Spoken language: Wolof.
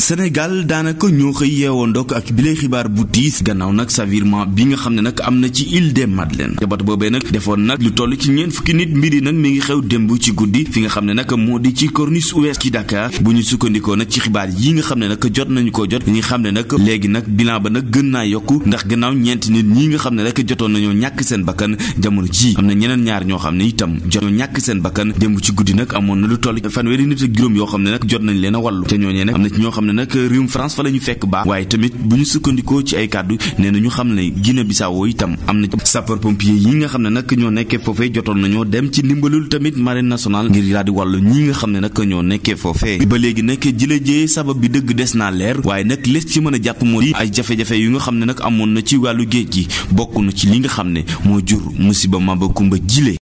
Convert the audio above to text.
Sénégal daanaka ñoo xëy yeewoondook ak bile xibaar bu tiis gannaaw nag savirement bi nga xam ne nag am na ci île des Madeleine jabat boobee nag defoon nag lu toll ci ñeent fukki nit mbir yi nag mi ngi xew démb ci guddi fi nga xam ne nag moo di ci corniche ouest ci Dakar bu ñu sukkandikoo nak ci xibaar yi nga xam ne nag jot nañu ko jot ñi xam ne nag léegi nag bilan ba nag gën naa yokk ndax gannaaw ñeenti nit ñi nga xam ne rek jotoon nañoo ñàkk seen bakkan jamono ji am na ñeneen ñoo xam ne itam jot ñoo ñàkk seen bakkan démb ci guddi nag amoon na lu toll fanweeri nit yoo xam ne nag jot leen a wàllu te ñooñee nag na ci ne nag réewum France fa la ñu fekk baax waaye tamit bu ñu sukkandikoo ci ay kàddu nee ñu xam ne Guinée Bissau itam am na sapeur pompier yi nga xam ne nag ñoo nekkee foofee jotoon nañoo dem ci ndimbalul tamit marine ngir daal di wàllu nga xam ne nag ñoo nekkee foofee ba léegi nag jële jee sabab bi dëgg des naa leer waaye nag les ci mën a jàpp moo di ay jafe-jafe yu nga xam ne nag amoon na ci wàllu géej gi bokk na ci li nga xam ne moo jur musiba ma ba kumba jile